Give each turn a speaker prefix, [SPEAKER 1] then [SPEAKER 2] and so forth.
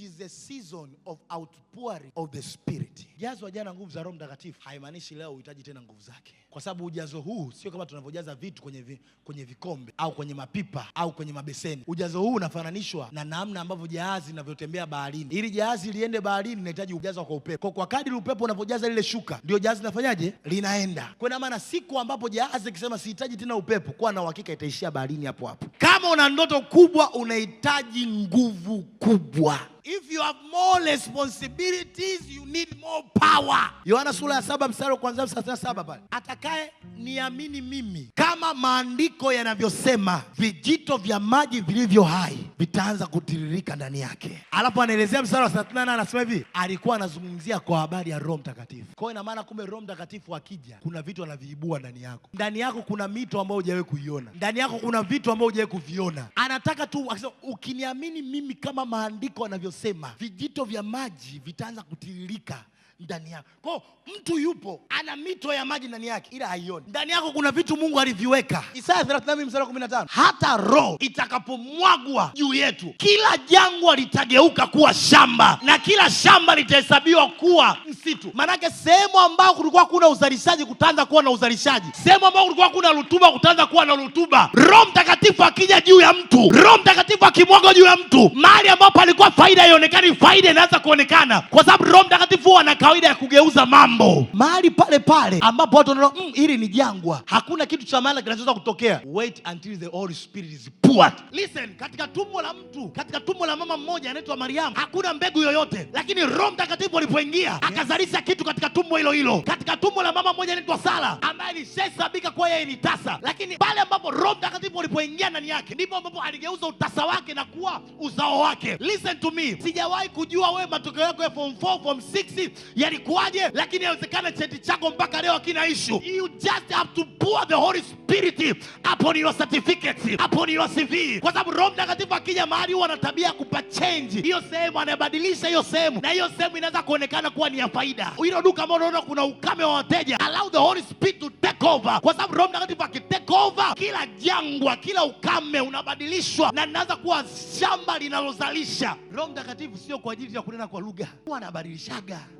[SPEAKER 1] is the season of outpouring of the spirit. Jazwa jana nguvu za Roho Mtakatifu haimaanishi leo uhitaji tena nguvu zake, kwa sababu ujazo huu sio kama tunavyojaza vitu kwenye, vi, kwenye vikombe au kwenye mapipa au kwenye mabeseni. Ujazo huu unafananishwa na namna ambavyo jahazi linavyotembea baharini. Ili jahazi liende baharini linahitaji kujazwa kwa upepo. Kwa, kwa kadiri upepo unavyojaza lile shuka, ndio jahazi linafanyaje? Linaenda. Kwa maana siku ambapo jahazi ikisema sihitaji tena upepo, kwa na uhakika itaishia baharini hapo hapo. Kama una ndoto kubwa, unahitaji nguvu kubwa you have more responsibilities, you need more power. Yohana sura ya saba mstari wa kwanza thelathini na saba pale, atakaye niamini mimi kama maandiko yanavyosema, vijito vya maji vilivyo hai vitaanza kutiririka ndani yake. Alafu anaelezea mstari wa 38 anasema hivi, alikuwa anazungumzia kwa habari ya Roho Mtakatifu. Kwa hiyo ina maana kumbe Roho Mtakatifu akija, kuna vitu anaviibua ndani yako. Ndani yako kuna mito ambayo hujawahi kuiona, ndani yako kuna vitu ambavyo hujawahi kuviona. Anataka tu akisema, ukiniamini mimi kama maandiko anavyosema, vijito vya maji vitaanza kutiririka ndani yako. Kwa mtu yupo ana mito ya maji ndani yake, ila haioni. Ndani yako kuna vitu Mungu aliviweka. Isaya 32 mstari wa 15, hata roho itakapomwagwa juu juu yetu, kila jangwa litageuka kuwa shamba na kila shamba litahesabiwa kuwa msitu. Maanake sehemu ambayo kulikuwa kuna uzalishaji kutaanza kuwa na uzalishaji, sehemu ambayo kulikuwa kuna rutuba kutaanza kuwa na rutuba. Roho Mtakatifu akija juu ya mtu, Roho Mtakatifu akimwaga juu ya mtu, mahali ambapo alikuwa faida haionekani, faida inaanza kuonekana, kwa sababu Roho Mtakatifu huwa na kawaida ya kugeuza mambo. Mahali pale pale ambapo watu wanaona mm, hili ni jangwa, hakuna kitu cha maana kinachoweza kutokea. Wait until the Holy Spirit is poured. Listen, katika tumbo tumbo la mtu, katika tumbo la mama mmoja anaitwa Mariamu hakuna mbegu yoyote, lakini Roho Mtakatifu alipoingia akazalisha kitu katika tumbo hilo hilo, katika tumbo la mama mmoja anaitwa Sara ambaye alishesabika kuwa yeye ni tasa, lakini pale ambapo Roho Mtakatifu alipoingia ndani yake ndipo ambapo aligeuza utasa wake na kuwa uzao wake. Listen to me, sijawahi kujua wewe matokeo yako ya form 4 form 6 yalikuwaje, lakini yawezekana cheti chako mpaka leo hakina issue. You just have to pour the Holy Spirit upon your certificate, upon your CV, kwa sababu Roho Mtakatifu ukija mahali huwa na tabia kupa change hiyo sehemu, anabadilisha hiyo sehemu, na hiyo sehemu inaweza kuonekana kuwa ni ya faida. Hilo duka ambao unaona kuna ukame wa wateja, allow the Holy Spirit to take over, kwa sababu Roho Mtakatifu akitake over, kila jangwa, kila ukame unabadilishwa na linaanza kuwa shamba linalozalisha. Roho Mtakatifu sio kwa ajili ya kunena kwa lugha, huwa anabadilishaga